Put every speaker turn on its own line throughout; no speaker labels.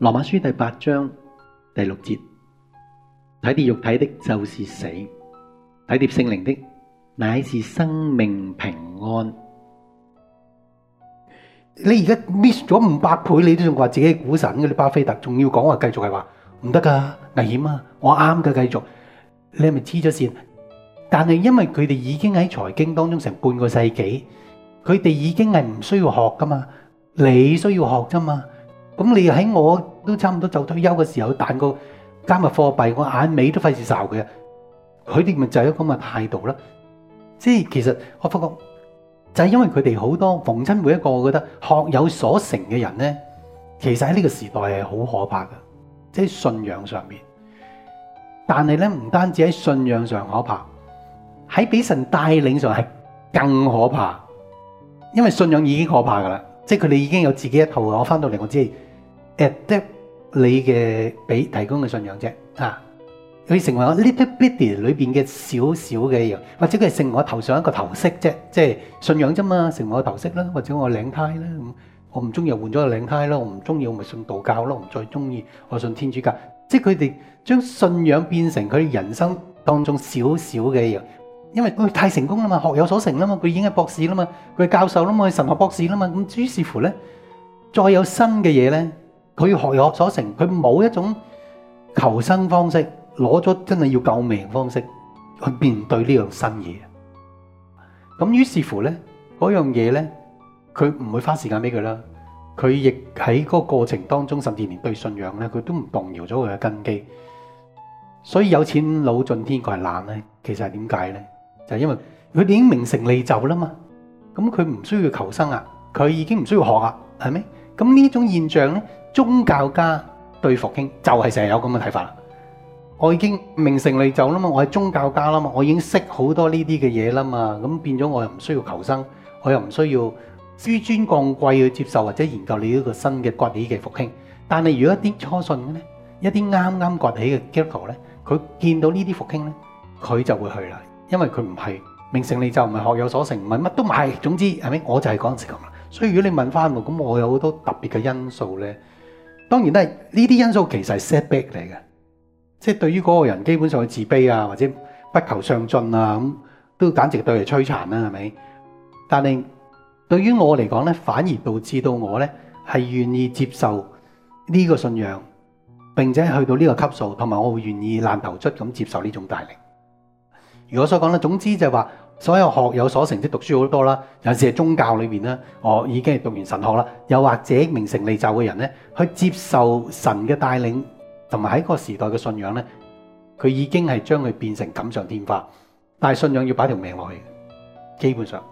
羅馬書第八章第六節，體貼肉體的就是死，體貼聖靈的乃是生命平安。你而家 miss 咗五百倍，你都仲話自己係股神嘅，巴菲特仲要講話繼續係話唔得噶危險啊！我啱噶繼續，你係咪黐咗線？但係因為佢哋已經喺財經當中成半個世紀，佢哋已經係唔需要學噶嘛，你需要學啫嘛，咁你喺我。都差唔多就退休嘅時候，但個加密貨幣我眼尾都費事睄佢啊！佢哋咪就係咁嘅態度啦。即係其實我發覺就係因為佢哋好多逢親每一個，我覺得學有所成嘅人咧，其實喺呢個時代係好可怕嘅，即係信仰上面。但係咧唔單止喺信仰上可怕，喺俾神帶領上係更可怕。因為信仰已經可怕噶啦，即係佢哋已經有自己一套。我翻到嚟我知。a c c 你嘅俾提供嘅信仰啫，啊，佢成為我 little bit 裏邊嘅少少嘅一嘢，或者佢係成我頭上一個頭飾啫，即係信仰啫嘛，成為我頭飾啦，或者我領呔啦咁，我唔中意又換咗個領呔咯，我唔中意我咪信道教咯，唔再中意我不信天主教，教，教，教，即係佢哋將信仰變成佢人生當中少少嘅一嘢，因為佢太成功啦嘛，學有所成啦嘛，佢已經係博士啦嘛，佢教授啦嘛，神學博士啦嘛，咁諸是乎咧，再有新嘅嘢咧。佢學有所成，佢冇一種求生方式攞咗真係要救命方式去面對呢樣新嘢。咁於是乎咧，嗰樣嘢咧，佢唔會花時間俾佢啦。佢亦喺嗰個過程當中，甚至連對信仰咧，佢都唔動搖咗佢嘅根基。所以有錢佬進天國係難咧，其實係點解咧？就係因為佢哋已經名成利就啦嘛。咁佢唔需要求生啊，佢已經唔需要學啊，係咪？咁呢種現象咧，宗教家對復興就係成日有咁嘅睇法啦。我已經名成利就啦嘛，我係宗教家啦嘛，我已經識好多呢啲嘅嘢啦嘛，咁變咗我又唔需要求生，我又唔需要紆尊降貴去接受或者研究你呢個新嘅崛起嘅復興。但係如果一啲初信嘅咧，一啲啱啱崛起嘅基督徒咧，佢見到呢啲復興呢，佢就會去啦，因為佢唔係名成利就，唔係學有所成，唔係乜都唔係。總之係咪？我就係嗰陣時咁。所以如果你問翻我，咁我有好多特別嘅因素呢。當然都係呢啲因素其實係 setback 嚟嘅，即係對於嗰個人基本上自卑啊，或者不求上進啊咁，都簡直對佢摧殘啦，係咪？但係對於我嚟講咧，反而導致到我咧係願意接受呢個信仰，並且去到呢個級數，同埋我會願意爛頭出咁接受呢種帶領。如果所講咧，總之就係話。所有學有所成，即係讀書好多啦。有陣時係宗教裏面咧，我已經係讀完神學啦。又或者名成利就嘅人咧，去接受神嘅帶領，同埋喺個時代嘅信仰咧，佢已經係將佢變成錦上添花。但係信仰要擺條命落去，基本上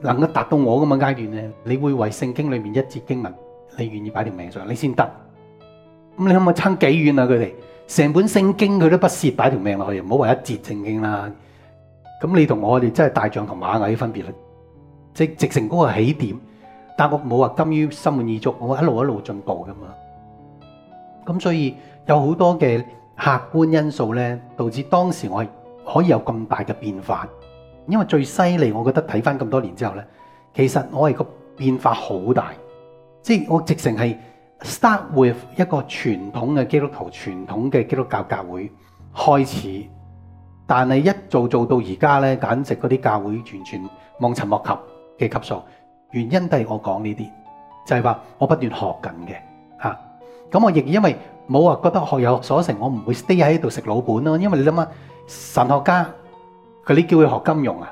能夠達到我咁嘅階段咧，你會為聖經裏面一節經文，你願意擺條命上，你先得。咁你可唔可以撐幾遠啊？佢哋成本聖經佢都不屑擺條命落去，唔好話一節正經啦。咁你同我哋真係大象同螞蟻分別啦，即係直成嗰個起點，但我冇話甘於心滿意足，我一路一路進步噶嘛。咁所以有好多嘅客觀因素咧，導致當時我係可以有咁大嘅變化。因為最犀利，我覺得睇翻咁多年之後咧，其實我係個變化好大，即係我直成係 start with 一個傳統嘅基督徒、傳統嘅基督教教會開始。但係一做做到而家咧，簡直嗰啲教會完全望塵莫及嘅級數。原因都係我講呢啲，就係話我不斷學緊嘅啊。咁我亦因為冇話覺得學有所成，我唔會 stay 喺度食老本咯。因為你諗下，神學家，佢你叫佢學金融啊，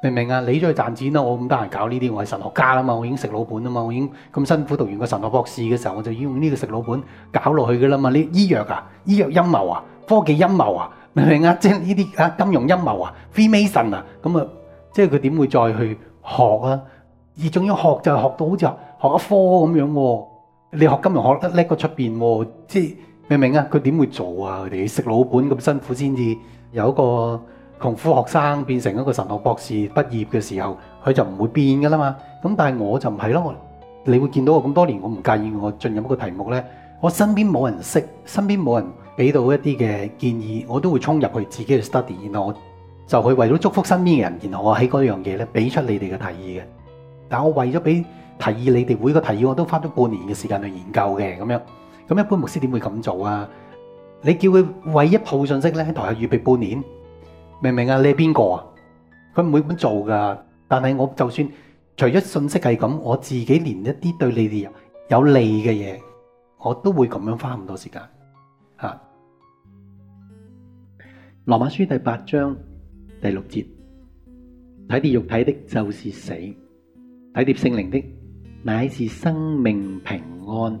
明唔明啊？你走去賺錢啦，我唔得閒搞呢啲。我係神學家啦嘛，我已經食老本啦嘛，我已經咁辛苦讀完個神學博士嘅時候，我就用呢個食老本搞落去噶啦嘛。呢醫藥啊，醫藥陰謀啊，科技陰謀啊。明唔明啊？即係呢啲啊金融陰謀啊 Freemason 啊，咁啊，即係佢點會再去學啊？而仲要學就學到好似學一科咁樣，啊，你學金融學得叻過出邊？即係明唔明啊？佢點會做啊？佢哋食老本咁辛苦先至有一個窮苦學生變成一個神學博士畢業嘅時候，佢就唔會變噶啦嘛。咁但係我就唔係咯，你會見到我咁多年，我唔介意我進入一個題目咧，我身邊冇人識，身邊冇人。俾到一啲嘅建議，我都會衝入去自己去 study。然後我就去為咗祝福身邊嘅人，然後我喺嗰樣嘢咧俾出你哋嘅提議嘅。但我為咗俾提議你哋每個提議，我都花咗半年嘅時間去研究嘅咁樣。咁一般牧師點會咁做啊？你叫佢為一鋪信息咧，喺台下預備半年，明唔明啊？你係邊個啊？佢唔會咁做噶。但係我就算除咗信息係咁，我自己連一啲對你哋有利嘅嘢，我都會咁樣花咁多時間。啊！羅馬書第八章第六節，睇碟肉體的就是死，睇碟聖靈的乃是生命平安。